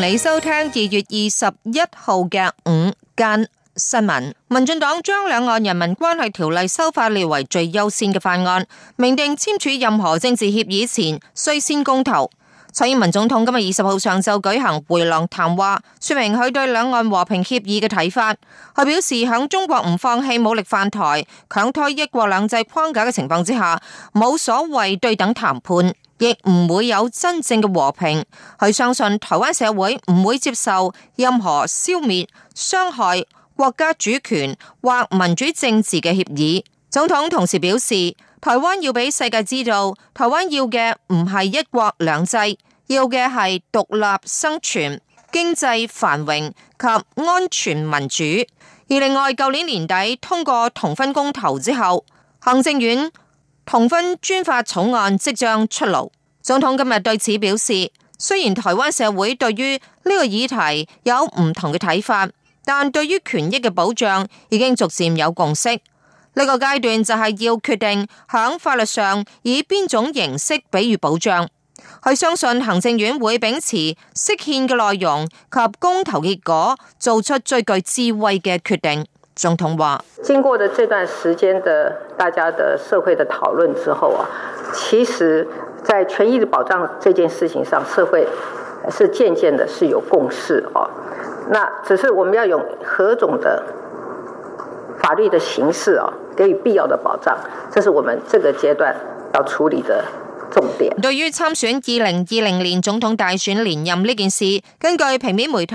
同你收聽二月二十一號嘅午間新聞。民進黨將兩岸人民關係條例修法列為最優先嘅法案，明定簽署任何政治協議前，需先公投。蔡英文總統今日二十號上晝舉行回廊談話，說明佢對兩岸和平協議嘅睇法。佢表示響中國唔放棄武力犯台、強推一國兩制框架嘅情況之下，冇所謂對等談判。亦唔會有真正嘅和平。佢相信台灣社會唔會接受任何消滅、傷害國家主權或民主政治嘅協議。總統同時表示，台灣要俾世界知道，台灣要嘅唔係一國兩制，要嘅係獨立生存、經濟繁榮及安全民主。而另外，舊年年底通過同分公投之後，行政院。同婚專法草案即將出爐，總統今日對此表示：雖然台灣社會對於呢個議題有唔同嘅睇法，但對於權益嘅保障已經逐漸有共識。呢、這個階段就係要決定喺法律上以邊種形式，俾予保障。佢相信行政院會秉持釋憲嘅內容及公投結果，做出最具智慧嘅決定。總統話：經過的這段時間的大家的社會的討論之後啊，其實，在權益的保障這件事情上，社會是漸漸的是有共識哦、啊。那只是我們要用何種的法律的形式啊，給予必要的保障，這是我們這個階段要處理的。對於參選二零二零年總統大選連任呢件事，根據平面媒體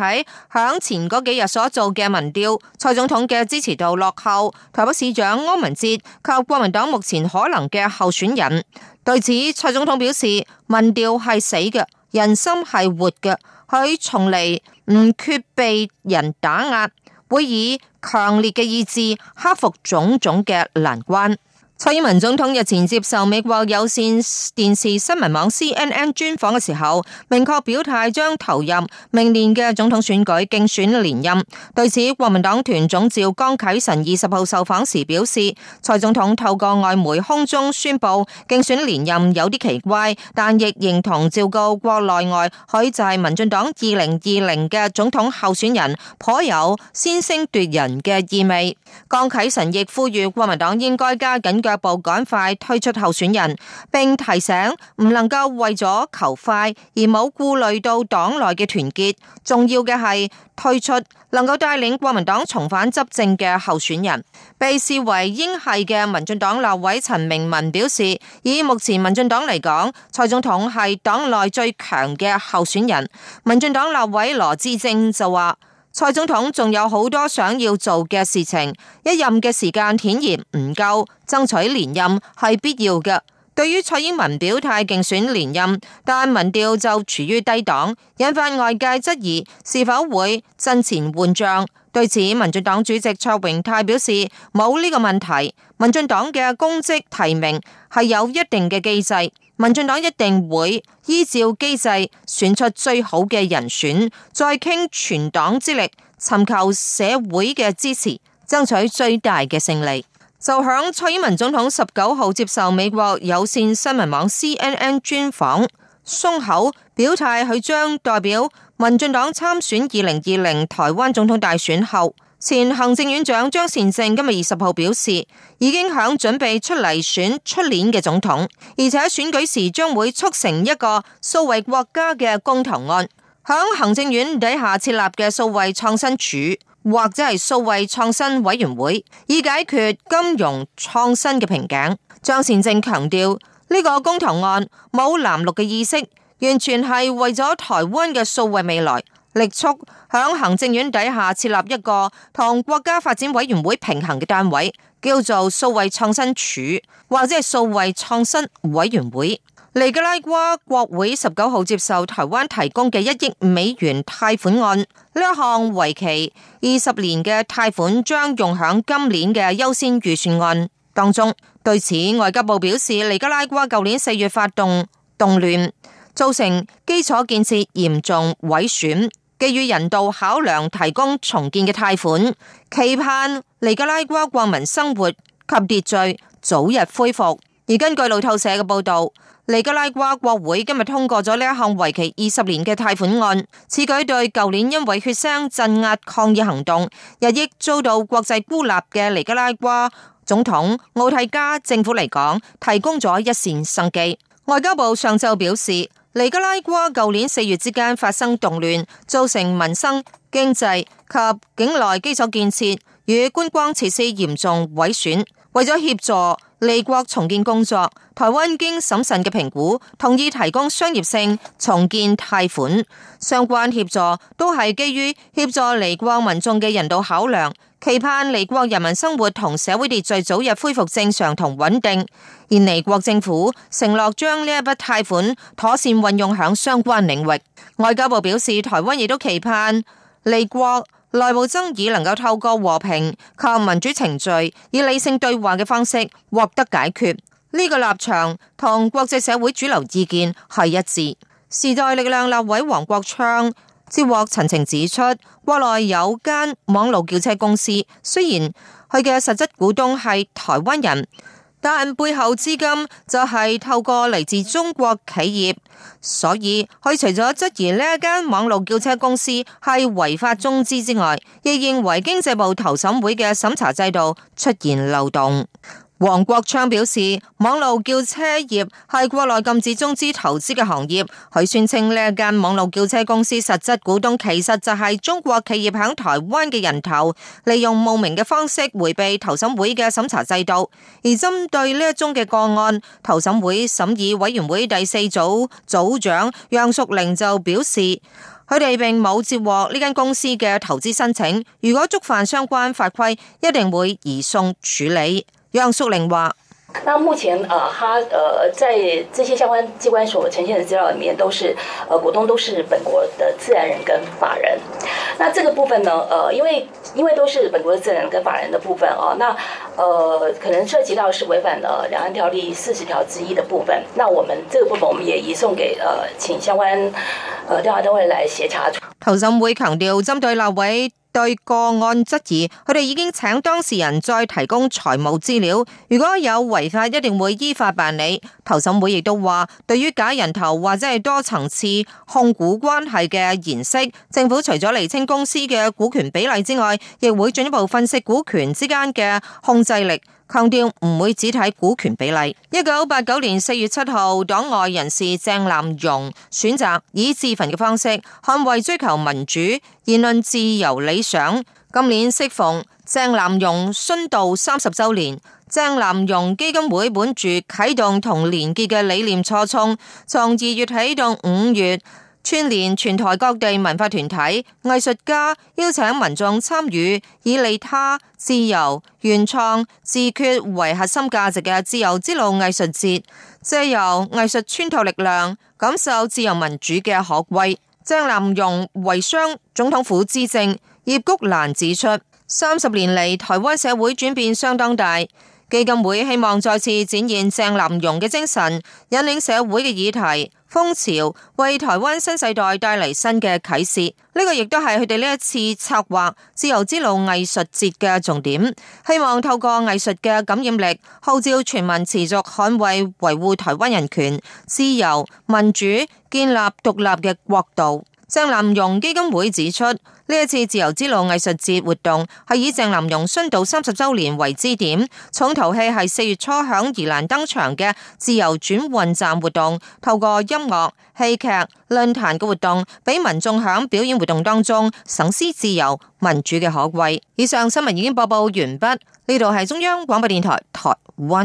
響前嗰幾日所做嘅民調，蔡總統嘅支持度落後台北市長柯文哲及國民黨目前可能嘅候選人。對此，蔡總統表示：民調係死嘅，人心係活嘅，佢從嚟唔缺被人打壓，會以強烈嘅意志克服種種嘅難關。蔡英文總統日前接受美國有線電視新聞網 CNN 專訪嘅時候，明確表態將投入明年嘅總統選舉競選連任。對此，國民黨團總召江啟臣二十號受訪時表示，蔡總統透過外媒空中宣布競選連任有啲奇怪，但亦認同召告國內外，佢就係民進黨二零二零嘅總統候選人，頗有先聲奪人嘅意味。江啟臣亦呼籲國民黨應該加緊步趕快推出候選人，並提醒唔能夠為咗求快而冇顧慮到黨內嘅團結。重要嘅係推出能夠帶領國民黨重返執政嘅候選人。被視為英系嘅民進黨立委陳明文表示，以目前民進黨嚟講，蔡總統係黨內最強嘅候選人。民進黨立委羅志正就話。蔡總統仲有好多想要做嘅事情，一任嘅時間顯然唔夠，爭取連任係必要嘅。對於蔡英文表態競選連任，但民調就處於低檔，引發外界質疑是否會陣前換將。對此，民進黨主席卓榮泰表示冇呢個問題，民進黨嘅公職提名係有一定嘅機制。民進黨一定會依照機制選出最好嘅人選，再傾全黨之力，尋求社會嘅支持，爭取最大嘅勝利。就響蔡英文總統十九號接受美國有線新聞網 CNN 專訪，鬆口表態佢將代表民進黨參選二零二零台灣總統大選後。前行政院長張善政今日二十號表示，已經響準備出嚟選出年嘅總統，而且選舉時將會促成一個數位國家嘅公投案，響行政院底下設立嘅數位創新處或者係數位創新委員會，以解決金融創新嘅瓶頸。張善政強調，呢、這個公投案冇藍綠嘅意識，完全係為咗台灣嘅數位未來。力促響行政院底下設立一個同國家發展委員會平衡嘅單位，叫做數位創新處，或者係數位創新委員會。尼加拉瓜國會十九號接受台灣提供嘅一億美元貸款案，呢一項為期二十年嘅貸款將用響今年嘅優先預算案當中。對此，外交部表示，尼加拉瓜舊年四月發動動亂，造成基礎建設嚴重毀損。基於人道考量，提供重建嘅貸款，期盼尼加拉瓜國民生活及秩序早日恢復。而根據路透社嘅報道，尼加拉瓜國會今日通過咗呢一項為期二十年嘅貸款案。此舉對舊年因為血腥鎮壓抗議行動，日益遭到國際孤立嘅尼加拉瓜總統奧蒂加政府嚟講，提供咗一線生機。外交部上週表示。尼加拉瓜舊年四月之間發生動亂，造成民生、經濟及境內基礎建設與觀光設施嚴重毀損。為咗協助尼國重建工作，台灣經審慎嘅評估，同意提供商業性重建貸款。相關協助都係基於協助尼國民眾嘅人道考量。期盼尼國人民生活同社會秩序早日恢復正常同穩定，而尼國政府承諾將呢一筆貸款妥善運用響相關領域。外交部表示，台灣亦都期盼尼國內部爭議能夠透過和平靠民主程序，以理性對話嘅方式獲得解決。呢、這個立場同國際社會主流意見係一致。時代力量立委黃國昌接獲陳情指出。國內有間網路叫車公司，雖然佢嘅實質股東係台灣人，但背後資金就係透過嚟自中國企業，所以佢除咗質疑呢一間網路叫車公司係違法中資之外，亦認為經濟部投審會嘅審查制度出現漏洞。黃國昌表示，網路叫車業係國內禁止中資投資嘅行業。佢宣稱呢一間網路叫車公司實質股東其實就係中國企業響台灣嘅人頭，利用冒名嘅方式回避投審會嘅審查制度。而針對呢一宗嘅個案，投審會審議委員會第四組組長楊淑玲就表示，佢哋並冇接獲呢間公司嘅投資申請。如果觸犯相關法規，一定會移送處理。楊素玲話：目前，啊，誒，他，誒，在這些相關機關所呈現的資料裡面，都是，誒，呃，股東都是本國的自然人跟法人。那這個部分呢，誒，呃，因為因為都是本國的自然人跟法人的部分，哦，啊，那，誒，可能涉及到是違反了兩岸條例四十條之一的部分。那我們這個部分，我們也移送給，誒，呃，請相關，誒調查單位來協查。投審會強調，針對六位。對個案質疑，佢哋已經請當事人再提供財務資料。如果有違法，一定會依法辦理。投審會亦都話，對於假人頭或者係多層次控股關係嘅形式，政府除咗厘清公司嘅股權比例之外，亦會進一步分析股權之間嘅控制力。強調唔會只睇股權比例。一九八九年四月七號，黨外人士鄭南榕選擇以自焚嘅方式，捍衛追求民主、言論自由理想。今年適逢鄭南榕殉道三十周年，鄭南榕基金會本著啟動同連結嘅理念初衷，從二月起到五月。串連全台各地文化團體、藝術家，邀請民眾參與，以利他、自由、原創、自決為核心價值嘅自由之路藝術節，借由藝術穿透力量，感受自由民主嘅可貴。鄭南榕遺孀、總統府資政葉菊蘭指出，三十年嚟台灣社會轉變相當大，基金會希望再次展現鄭南榕嘅精神，引領社會嘅議題。風潮為台灣新世代帶嚟新嘅啟示，呢個亦都係佢哋呢一次策劃自由之路藝術節嘅重點。希望透過藝術嘅感染力，號召全民持續捍衞、維護台灣人權、自由、民主，建立獨立嘅國度。鄭林容基金會指出，呢一次自由之路藝術節活動係以鄭南榕殉道三十周年為支點，重頭戲係四月初響宜蘭登場嘅自由轉運站活動，透過音樂、戲劇、論壇嘅活動，俾民眾響表演活動當中省思自由民主嘅可貴。以上新聞已經播報完畢，呢度係中央廣播電台台灣。